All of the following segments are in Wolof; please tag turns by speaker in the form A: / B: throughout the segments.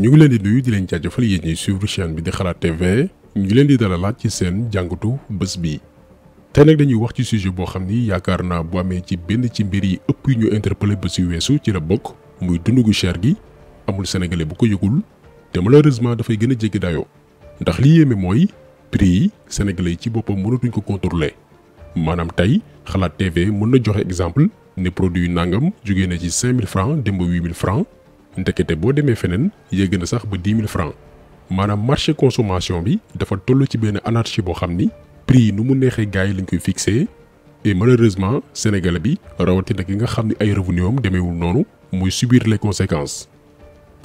A: ñu ngi leen di nuyu di leen jaajëfal yéen ñuy suivre chaîne bi di xalaat TV ñu ngi leen di dalalaat ci seen jàngatu bés bi. tey nag dañuy wax ci sujet boo xam ni yaakaar naa bu amee ci benn ci mbir yi ëpp yu ñu interpellé ba si weesu ci la bokk muy dundugu cher gi amul sénégalais bu ko yëgul te malheureusement dafay gën a jéggi dayo ndax li yéeme mooy prix yi sénégalais yi ci boppam mënatuñ ko contrôler maanaam tey xalaat TV mën na joxe exemple ne produit nangam jógee na ci 5000 francs dem ba 8000 francs ndekete boo demee feneen yéeg na sax ba dix mille francs maanaam marché consommation bi dafa toll ci benn anarchie boo xam ni prix yi nu mu neexee gars yi lañ koy fixé et malheureusement sénégalais bi rawati rawatina yi nga xam ne ay revenu am demeewul noonu muy subir les conséquences.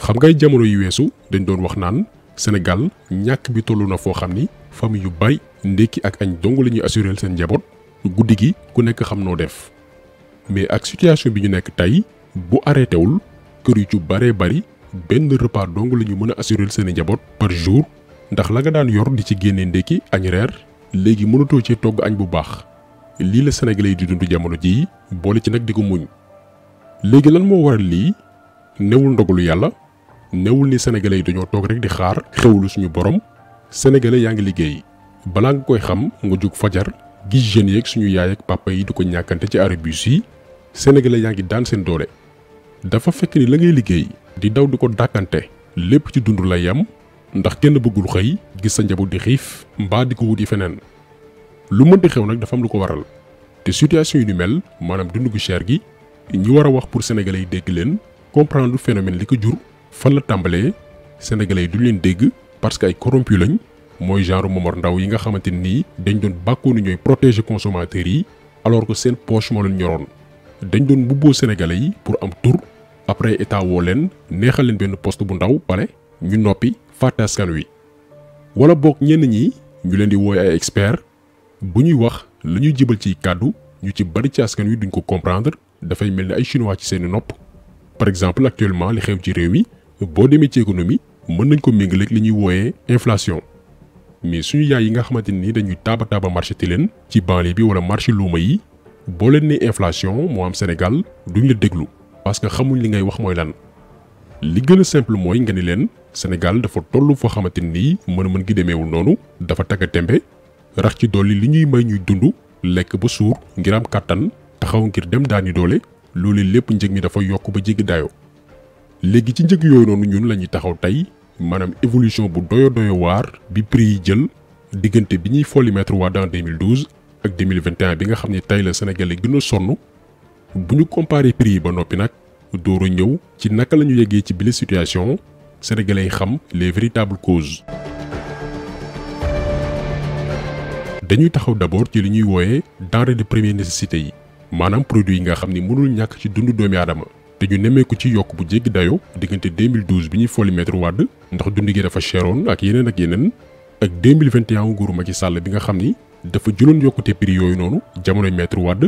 A: xam ngay jamono yu weesu dañ doon wax naan Sénégal ñàkk bi toll na foo xam ni famille yu bari ndékki ak añ dong la ñuy assuré seen njaboot guddi gi ku nekk xam noo def mais ak situation bi ñu nekk tey bu arrêté wul. kër yu ci bare bari benn repas dong la ñu mën assurer seen njaboot par jour ndax la nga daan yor di ci génne ndekki añ reer léegi mënatoo ci togg añ bu baax li la sénégalais di dundu jamono ji boole ci nak di muñ légui lan mo waral li newul ndogalu yalla newul ni sénégalais dañu togg rek di xaar xewlu suñu borom sénégalais yaangi liggéey bala nga koy xam nga juk fajar gis jeune yek suñu yaay ak papa yi diko ñakante ci arabus sénégalais yaangi daan seen doole dafa fekk ni la ngay liggéey di daw di ko dàkkante lépp ci dund la yam ndax kenn bëggul xëy gis sa njaboot di xiif mbaa di ko wuti feneen lu mënti xew nag dafa am lu ko waral te situation yi ni mel maanaam dund gu cher gi ñi war a wax pour sénégalais yi dégg leen comprendre phénomène li ko jur fan la tàmbalee sénégalais yi duñ leen dégg parce que ay corrompu lañ mooy genre Momar ndaw yi nga xamante nii dañ doon bàkkoo ni ñooy protéger consommateurs yi alors que seen poche moo leen ñoroon dañ doon mbubboo sénégalais yi pour am tur après état wolen a neexal un poste bu ndaw ñu nopi wi wala bok ñen ñi ñu leen di vous ay expert bu ñuy wax ci ñu ci bari comprendre ay chinois ci seen nopp par exemple actuellement li xew ci réew mi bo ci économie mën nañ ko li inflation mais suñu yaay yi nga xamanteni ni dañuy marché marché yi inflation mo am Sénégal duñ parce que xamuñ li ngay wax moy lan li gëna simple moy nga ni leen Sénégal dafa tollu fo xamanteni ni mën-mën gi demeewul nonu dafa tagga tembé rax ci doli li ñuy may ñuy dundu lek bu sour ngir am katan taxaw ngir dem daani doole loolu lépp njëg mi dafa yokku ba jéggi dayo légui ci njëg yoy nonu ñun la taxaw tay manam évolution bu doyo doyo war bi prix yi jël digënté bi ñuy folimètre wa dans 2012 ak 2021 bi nga xamni tay la Sénégalais gën sonu bu ñu comparé prix ba nopi nak dooro ñew ci naka lañu yeggé yeggee ci bile situation sénégalais xam les véritables causes. dañuy taxaw d'abord ci li ñuy woyé denrées de première nécessité yi manam produit yi nga xam ni mënul ñak ci dundu doomi aadama te ñu némé ko ci yok bu jégg dayo diggante 2012 bi ñuy folli Maître Wade ndax dund gi dafa cheroon ak yenen ak yenen ak 2021 nguuru Macky Sall bi nga xam ni dafa jëloon yokkute prix yoyu nonu jamono Maître wad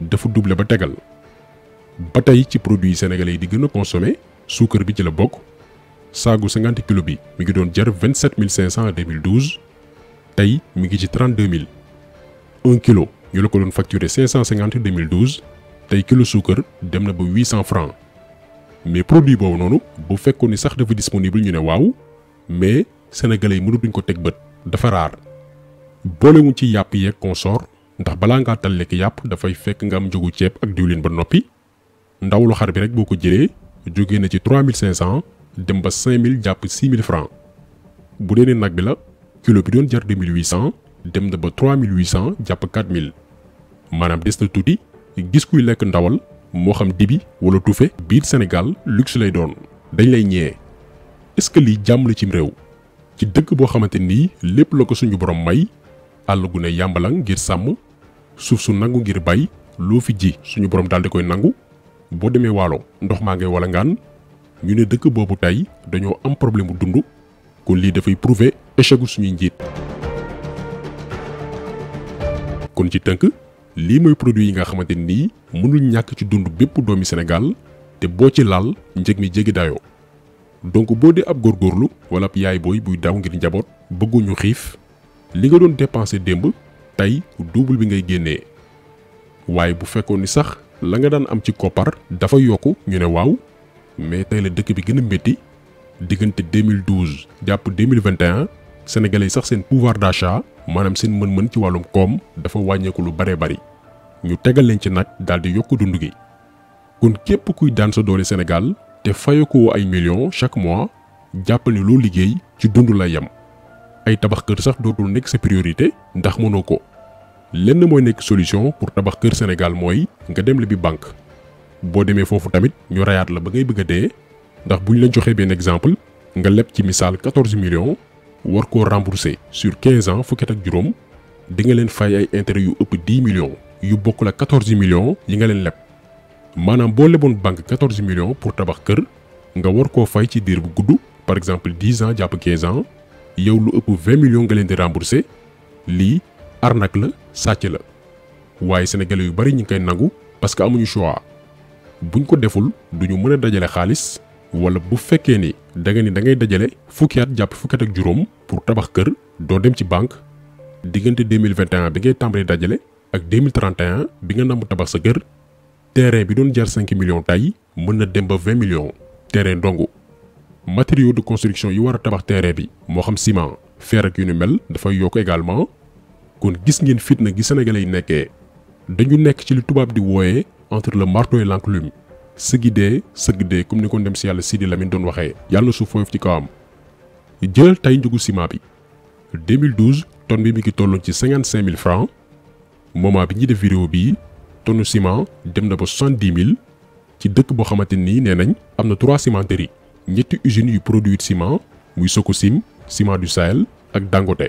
A: dafa double ba tegal ba tey ci produit sénégalais yi di gën a consommé suukar bi ci la 50 kg bi mi ngi 27 500 en 2012 tey mi ngi 32 000 1 kilo ñu la ko doon 550 550 2012 tey kilo sucre dem na ba 800 francs mais produit boobu noonu bu fekkoon ni sax dafa disponible ñu ne waaw mais sénégalais yi mënu duñ ko teg bët dafa rare. boolewuñ ci consort ndax balaa ngaa tal lekk yàpp dafay fekk nga am njëgu ceeb ak diwlin ba noppi ndawlu xar bi rek boo ko jëlee jóge na ci 3500 dem ba 5000 jàpp 6000 francs bu dee ne nag bi la kilo bi doon jar 2800 dem na ba 3800 jàpp 4000 maanaam des na tuuti gis kuy lekk ndawal moo xam dibi wala tufe biir Sénégal luxe lay doon dañ lay ñee est-ce que lii jàmm la cim réew ci dëkk boo xamante nii lépp la ko suñu borom may àll gu ne yàmbalang ngir sàmm suuf su nangu ngir bay lo fi ji suñu borom dal di koy nangu bo demee walo ndox ma ngay wala ngaan ñu ne dëkk bobu tay dañu am problème dundu dund li da fay prouver échec suñu njit kon ci tënk li moy produit yi nga xamanteni ni mënul ñak ci dundu bépp doomi sénégal te bo ci lal njëg mi jéggi dayo donc bo di ab gorlu wala ab yaay boy buy daw ngir bëggu ñu xif li nga doon dépenser tey double bi ngay génnee waaye bu fekkoon ni sax la nga daan am ci koppar dafa yokku ñu ne waaw mais tey la dëkk bi gën a métti diggante 2012 jàpp 2021 sénégalais sax seen pouvoir d'achat maanaam seen mën-mën ci wàllum koom dafa wàññeeku lu baree bari ñu tegal leen ci nag daal di yokk dund gi kon képp kuy daan sa doole Sénégal te fayekoo ay millions chaque mois jàppale ni loo liggéey ci dund la yem ay tabax kër sax dootul nekk sa priorité ndax mënoo ko. lenn mooy nekk solution pour tabax kër Sénégal mooy nga dem lebi banque boo demee foofu tamit ñu rayaat la ba ngay bëgg a dee ndax bu la joxee benn exemple nga leb ci misaal 14 millions war koo rembourser sur 15 ans fukki ak juróom di nga leen fay ay intérêt yu ëpp 10 millions yu bokk la 14 millions yi nga leen leb maanaam boo leboon banque 14 millions pour tabax kër nga war koo fay ci diir bu gudd par exemple 10 ans jàpp 15 ans yow lu ëpp 20 millions nga leen di rembourser lii arnaque la. sàcc la waaye sénégalais yu bari ñu ngi koy nangu parce que amuñu bu ñu ko deful duñu mën a dajale xaalis wala bu fekkee ni da nga ni da ngay dajale fukki at jàpp fukki at ak juróom pour tabax kër doo dem ci banque diggante 2021 bi ngay tàmbalee dajale ak 2031 bi nga namm tabax sa kër terrain bi doon jar million millions tay mën na dem ba 20 millions terrain ndongo matériaux de construction yi war a tabax terrain bi moo xam ciment fer ak yu ni mel dafay yokk également kon gis ngeen fitna gi sénégalais yi nekkee dañu nekk ci li tubab di woyé entre le marteau et l'enclume sëggi dee comme ni ko dem si yalla Sidi Lamine doon waxé yalla na fof ci kawam jëlal tay njëgu ciment bi 2012 ton bi mi ngi tollu ci 55000 francs moment bi ñi def vidéo bi tonu ciment dem na ba 70000 ci dëkk bo xamanteni nii nee nañ am na cimenteries ñetti usine yu produire ciment muy sokosim Ciment du Sahel ak Dangote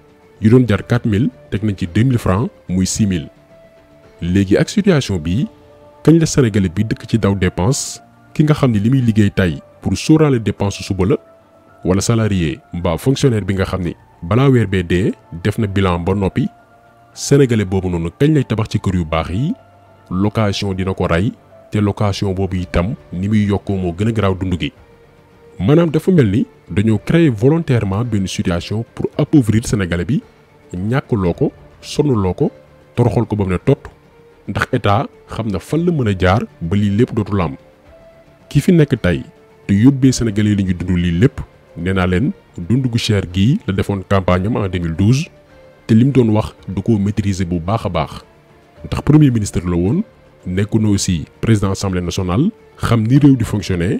A: You doon jar 4000 teg nañ ci 2000 francs muy 6000 léegi ak situation bi kañ la sénégalais bi dëkk ci daw dépenses, ki nga li pour sóoraale la wala salarié fonctionnaire bi nga xam balaa bilan ba sénégalais boobu noonu kañ lay tabax ci location location ni Manam dafa mel ni créer volontairement benn situation pour appauvrir sénégalais bi ñàkkuloo ko sonnuloo ko toroxal ko ba mu ndax état xamna na fan la mën jaar ba li lepp dotu am ki fi nekk te yóbbee sénégalais li ñu dund lii lépp nee naa leen gu cher gi la defone campagne en 2012 te lim doon wax du ko maîtriser bu baax baax ndax premier ministre la nekku no aussi président assemblée nationale xam ni réew di fonctionner.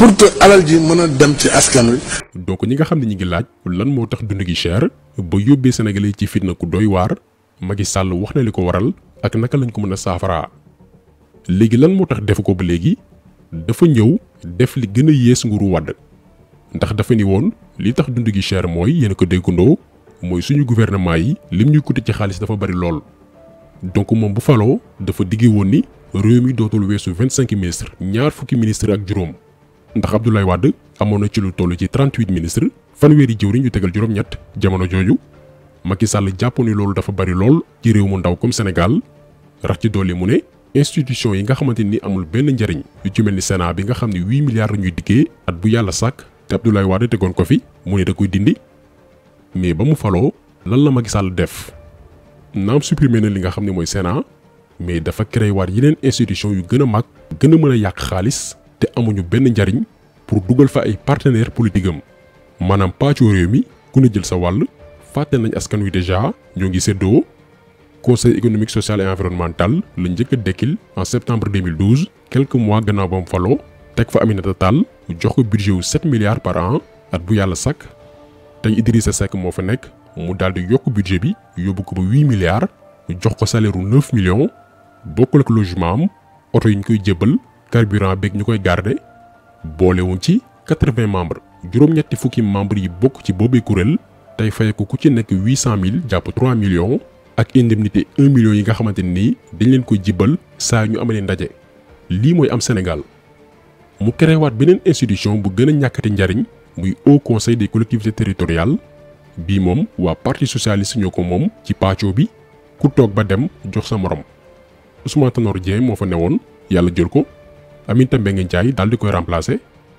B: pour que alal ji mën dem ci askan wi. donc ñi nga xamni ñi ngi laaj lan mo tax dund gi cher
A: ba sénégalais ci fitna ku doy war Macky Sall wax na liko waral ak naka lañ ko mën safara légui lan mo tax defu ko ba légui dafa ñew def li gëna yees nguru wad ndax dafa ni won, li tax dund gi cher moy yene ko déggandoo moy suñu gouvernement yi lim ñuy coûter ci xaaliss dafa bari lool donc mom bu falo dafa digge won ni réew mi dootul wessu 25 ministres ñaar fukki ministres ak juroom ndax Abdoulaye Wade amoon na ci lu tollu ci 38 ministres fanweeri jëwriñ yu tegal juróom-ñett jamono jooju Macky Sall jàpp ni loolu dafa bari lool ci réew mu ndaw comme Sénégal rax ci yi mu ne institution yi nga xamante ni amul benn njariñ yu ci mel ni Sénat bi nga xam ne 8 milliards ñuy diggee at bu yàlla sàkk te Abdoulaye Wade tegoon ko fi mu ne da koy dindi mais ba mu faloo lan la Macky Sall def naam supprimé na li nga xam ne mooy Sénat mais dafa créé waat yeneen institution yu gën a mag gën a mën a yàq xaalis te amuñu benn njariñ pour dugal fa ay partenaire politique am maanaam pàccoo réew mi ku ne jël sa wàll fàtte nañ askan wi déjà ñoo ngi séddoo conseil économique social et environnemental la njëkk a dekkil en septembre 2012 quelques mois gannaaw ba mu faloo teg fa Aminata Tall mu jox ko budget wu 7 milliards par an at bu yàlla sàkk tey Idrissa Seck moo fa nekk mu daal di yokk budget bi yóbbu ko ba 8 milliards jox ko salaire u 9 millions bokkul ak logement am oto yi ñu koy jébbal carburant avec ñukoy garder bolé membres juroom ñetti fukki membres yi ci ku ci millions ak indemnité 1 million yi nga xamanteni ni dañ leen koy jibal sa ñu Sénégal mu institution bu a ndariñ muy haut conseil des collectivités territoriales parti socialiste ñoko mom. ci bi ku ba amin Aminata ngi Ndiaye daal di koy remplacer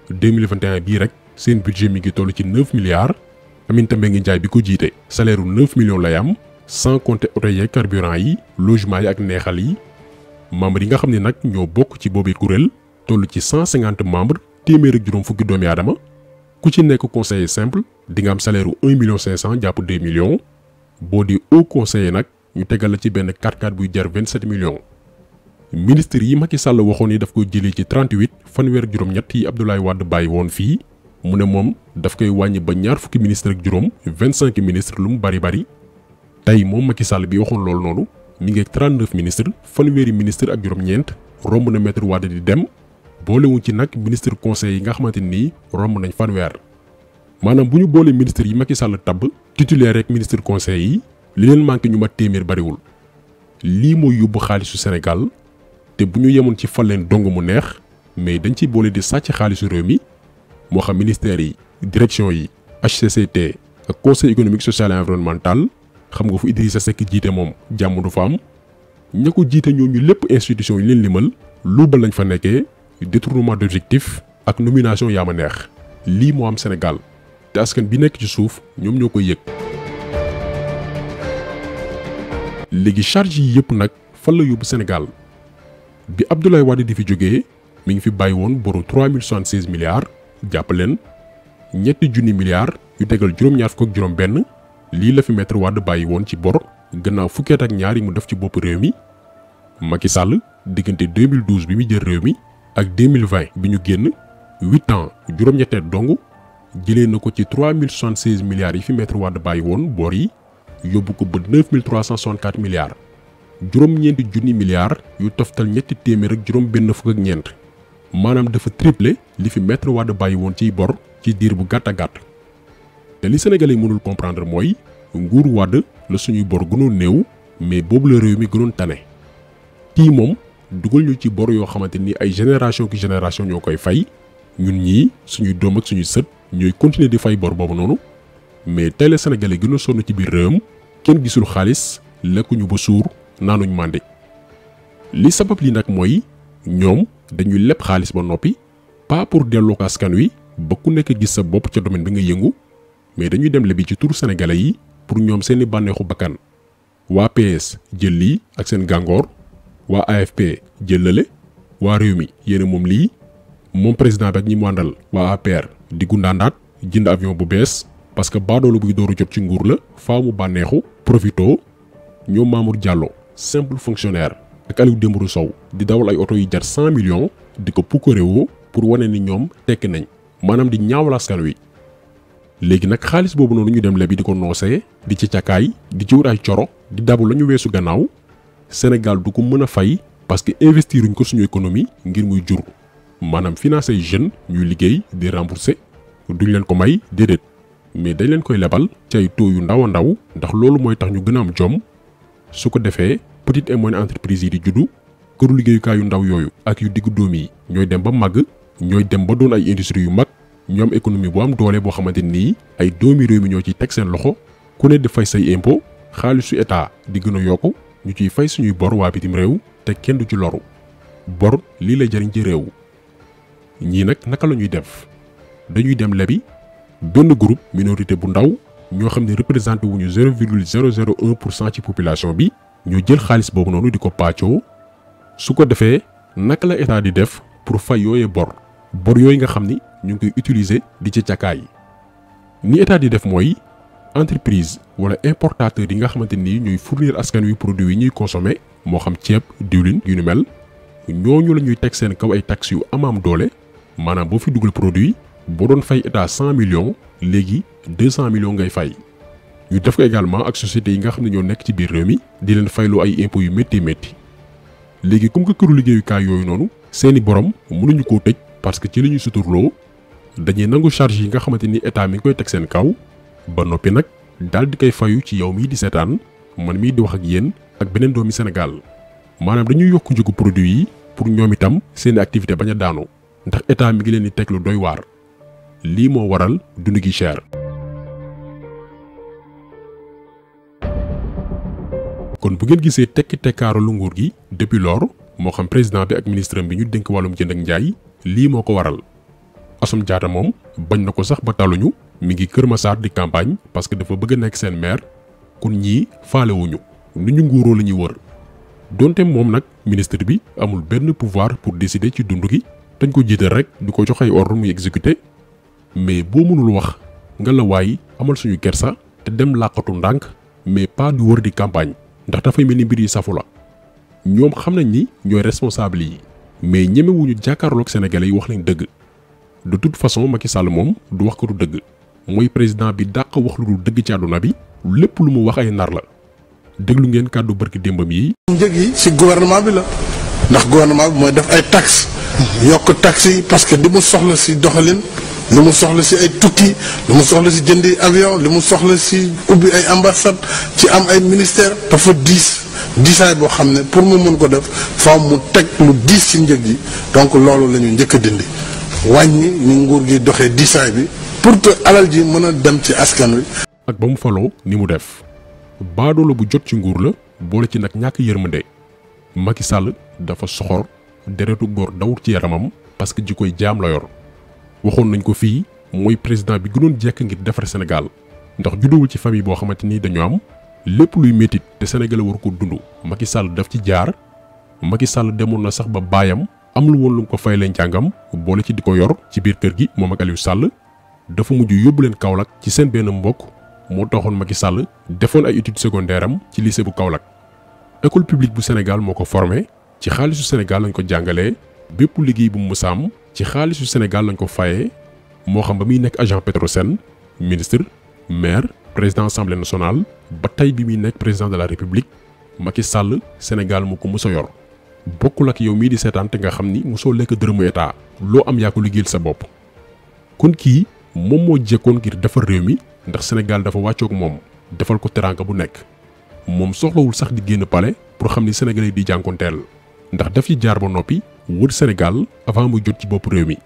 A: 2021 bii rek seen budget mi ngi toll ci 9 milliards Aminata Mbengue Ndiaye bi ko jiite salaire ru 9 millions lay am sans compter oto yeeg yi logement yi ak neexal yi membres yi nga xam ne nag ñoo bokk ci boobu kuréel toll ci 150 membres téeméer ak juróom fukki doomi aadama ku ci nekk conseiller simple di nga am salaire ru 1 million 500 jàpp 2 millions boo di haut conseiller nag ñu tegal la ci benn 4x4 buy jar 27 millions. ministre yi Macky Sall waxoon ni daf ko jëlee ci 38 fanweer juróom-ñett yi Abdoulaye Wade bàyyi woon fii mu ne moom daf koy wàññi ba ñaar fukki ministre ak juróom 25 ministre lu mu bari bari tey moom Macky Sall bi waxoon loolu noonu mi ngi 39 ministre fanweeri ministre ak juróom-ñeent romb na maître Wade di dem boolewuñ ci nag ministre conseil yi nga xamante nii romb nañ fanweer maanaam bu ñu boolee ministre yi Macky Sall tabb titulaire rek ministre conseil yi li leen ñu mat téeméer bariwul lii mooy yóbbu xaalisu Sénégal te bu ñu ci fal leen dong mu neex mais dañ ci bolé di sacc xaalisu réew mi moo xam ministère, yi direction yi HCCT ak conseil économique social et environnemental xam nga fu Idrissa Seck jité mom jamm du fam am jité ko ñu lepp institution yi leen limal ba lañ fa nekké détournement d'objectif ak nomination yama neex li mo am Sénégal te askan bi nekk ci souf ñom ñoko yegg yëg. léegi charge yi yëpp nag fan la yóbbu Sénégal bi Abdoulaye Wade di fi jógee mi ngi fi bàyyi boru 3076 milliards jàpp leen ñetti junni milliards yu tegal juróom-ñaar fukk ak juróom-benn lii la fi maître Wade bàyyi woon ci bor gannaaw fukki ak ñaar yi mu def ci bopp réew mi. Macky Sall diggante 2012 bi mu jël réew mi ak 2020 bi ñu génn huit ans juróom-ñetteet dong jëlee na ko ci 3076 milliards yi fi maître Wade bàyyi woon bor yi yóbbu ko ba 9364 milliards. juróom-ñeenti junni milliards yu toftal ñetti téeméer ak juróom benn fukk ñeent maanaam dafa triplé li fi maître Wade bàyyi woon ciy bor ci diir bu gàtt a gàtt te li sénégalais mënul comprendre mooy nguur Wade la suñuy bor gënoon néew mais boobu la réew mi gënoon tane kii moom dugal ñu ci bor yoo xamante ni ay génération ki génération ñoo koy fay ñun ñii suñuy doom ak suñu sët ñooy continuer di fay bor boobu noonu mais tey la sénégalais gën a sonn ci biir réewam kenn gisul xaalis lekkuñu ba suur nanuñ mandé li sabab li nak nyom ñom dañuy leb xaliss ba nopi pa pour delloo ko askan wi ba ku nekk gis sa bop ci domaine bi nga yëngu mais dañuy dem lebi ci tour sénégalais yi pour ñom seeni banexu bakkan wa PS jël li ak seen gangor wa AFP jël wa waa réew mi yéen mom lii moom président bak ñi mo andal wa APR di gundandat jind avion bu bes parce que baadoolu bu dooru jot ci nguur la faamu banexu profito ñom Mamour Diallo simple fonctionnaire ak Aliou Dembourou Sow di dawal ay auto yu jar 100 millions di ko pukkarewoo pour wane ni ñom tek nañ manam di ñaawal askan wi. légui nak xaalis bobu nonu ñu dem lebi di ko noosee di ci ciakaay di ci wut di dabu lañu wésu gannaaw Sénégal du ko mëna a fay parce que investiruñ ko suñu économie ngir muy jur Manam financer jeune, ñu liggéey di rembourser duñ leen ko may déedéet mais dañ leen koy lebal ci ay taux yu ndaw ndaw ndax lolu moy tax ñu gëna am jom su ko defee petite et moyenne entreprise yi di juddu këru liggéeyukaay yu ndaw yooyu ak yu diggu dóom yi ñooy dem ba màgg ñooy dem ba doon ay industrie yu mag ñoom am économie bu am doole boo xamante nii ay doomi réew mi ñoo ciy teg seen loxo ku ne di fay say impôt xaalisu état di gën a yokku ñu ciy fay suñuy bor waa bitim réew te kenn du ci loru bor lii la jëriñ ci réew ñii nag naka la ñuy def dañuy dem lebi benn groupe minorité bu ndaw Nous représentons représenté wuñu de population Nous avons jël xaalis di pour faire yooyee bor nous avons nga xam ñu ngi utiliser di état di def entreprise ou importateur yi nga xamante ñuy fournir askan produit consommer taxes produit boo doon fay état 100 millions légui 200 millions ngay fay. ñu def ko également ak société yi nga xamni ñoo nekk ci biir réew mi di leen fayloo ay impôts yu metti légui kum ko kuru këru liggéeyukaay yooyu nonu seeni borom ñu ko tej parce que ci liñu ñuy dañuy nangu charge yi nga état mi koy tek seen kaw ba nopi nak dal di kay fayu ci yow mi di sétane man mi di wax ak yeen ak benen doomi Sénégal manam dañuy yokk jogu produit yi pour ñoom itam seen activité baña daanu ndax état mi ngi leen di tek lu doy war lii moo waral dund gi cher. kon bu ngeen gisee tekki tekkaaralu nguur gi depuis lors moo xam président bi ak ministre bi ñu dénk wàllum jënd ak njaay lii moo ko waral. Assome Diatta moom bañ na ko sax ba taluñu mi ngi Kër Massar di campagne parce que dafa bëgg a nekk seen maire kon ñii faalewuñu nu ñu nguuroo la ñuy wër donte moom nag ministre bi amul benn pouvoir pour décider ci dund gi dañ ko jiital rek di ko jox ay muy exécuté mais bo mënul wax nga la waay amal suñu kersa te dem làqatu ndank mais pas du wër di campagne ndax da fay melni mbir yi safu la ñoom xam ni ñoy responsable yi mais wuñu jakarlok sénégalais yi wax leen dëgg de toute façon Macky Sall mom du wax ko du dëgg moy président bi dàq wax lu du dëgg ci aduna bi lepp
B: lu mu wax ay nar la déglu ngeen kaddu barki dembam yi njëg yi gouvernement bi la ndax gouvernement bi mooy def ay taxes. yokk taxes yi parce que li mu soxla si doxalin li mu soxla si ay tukki li mu soxla si jëndi avion li mu soxla si ubbi ay ambassade ci am ay ministère dafa diis diisaay boo xam ne pour mu mën ko def faaw mu teg lu diis ci njëg yi donc loolu la ñu njëkk a dindi wàññi ñu nguur gi doxee diisaay bi pour que alal ji mën a dem ci askan wi. ak ba mu faloo ni mu def.
A: baadoola bu jot ci nguur la boole ci nag ñàkk yërmande Macky Sall dafa soxor deretu gor dawut ci yaramam parce que jikoy jam la yor waxon nañ ko fi moy président bi gënon jek ngir défar Sénégal ndax juddowul ci famille bo xamanteni dañu am lepp luy metti te sénégalais war ko dundu Macky Sall daf ci jaar Macky Sall demul na sax ba bayam am lu lu ko fay jangam boole ci diko yor ci biir kër gi mom ak Aliou Sall dafa muju Kaolack ci sen mbokk mo taxone Macky Sall defone ay études secondaires ci lycée bu Kaolack école publique bu Sénégal moko ci xaalisu senegal lañ ko jàngalee bépp liggéey bu mu sàmm ci xaalisu senegal lañ ko fayee moo xam ba muy nekk agent Petrosen ministre maire président assemblée nationale ba tey bi muy nekk président de la république Macky Sall senegal mu ko mos yor bokkul ak yow mii di seetaan nga xam ni mosoo lekk dërëmu état loo am yaa ko liggéeyal sa bopp. kon kii moom moo jekkoon ngir defar réew mi ndax senegal dafa wàccoog moom defal ko bu nekk moom soxlawul sax di génn palais pour xam ni sénégalais di ndax def ci jaar ba noppi wër senegal avant mu jot ci bopp réew mi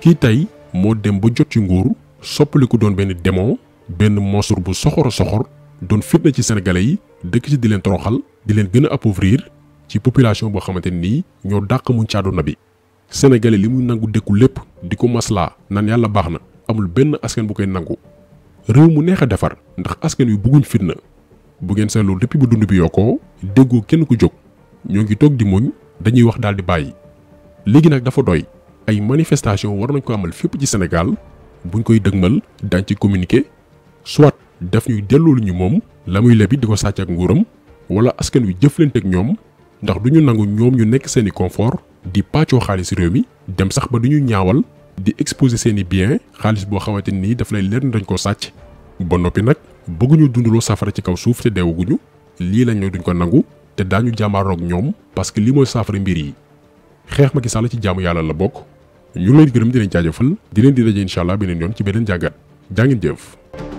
A: kii tey moo dem ba jot ci nguur soppaliku doon benn démon benn monstre bu soxor soxor doon fitna ci sénégalais yi dëkk ci di leen toroxal di leen gën a appauvrir ci population boo xamante nii ñoo dàq muñ ci na bi sénégalais li muy nangu dëkku lépp di ko maslaa naan yàlla baax na amul benn askan bu koy nangu réew mu neex a defar ndax askan wi bugguñ fitna bu ngeen seetloo depuis bu dund bi yokkoo déggoo kenn ku jóg ñoo ngi toog di muñ dañuy wax daal di bàyyi léegi nag dafa doy ay manifestation war nañ ko amal fépp ci bu buñ koy dëgmal daañ ci communiquer soit daf ñuy delloo lu ñu moom la muy lebi di ko sàcc ak nguuram wala askan wi jëf jëflante ak ñoom ndax du ñu nangu ñoom ñu nekk seeni confort di pàccoo xaalis réew mi dem sax ba du ñu ñaawal di exposer seeni bien xaalis boo xamante nii daf lay leer ni dañ ko sàcc ba noppi nag bëgguñu dundaloo safara ci kaw suuf te deewaguñu lii lañ ne duñ ko nangu te daañu jàmbaaroog ñoom parce que lii mooy saafara mbir yi xeex ki Sall ci jaamu yàlla la bokk ñu ngi leen di gërëm di leen jaajëfal di leen di daje incha allah beneen yoon ci beneen jàngat jaa ngeen jëf.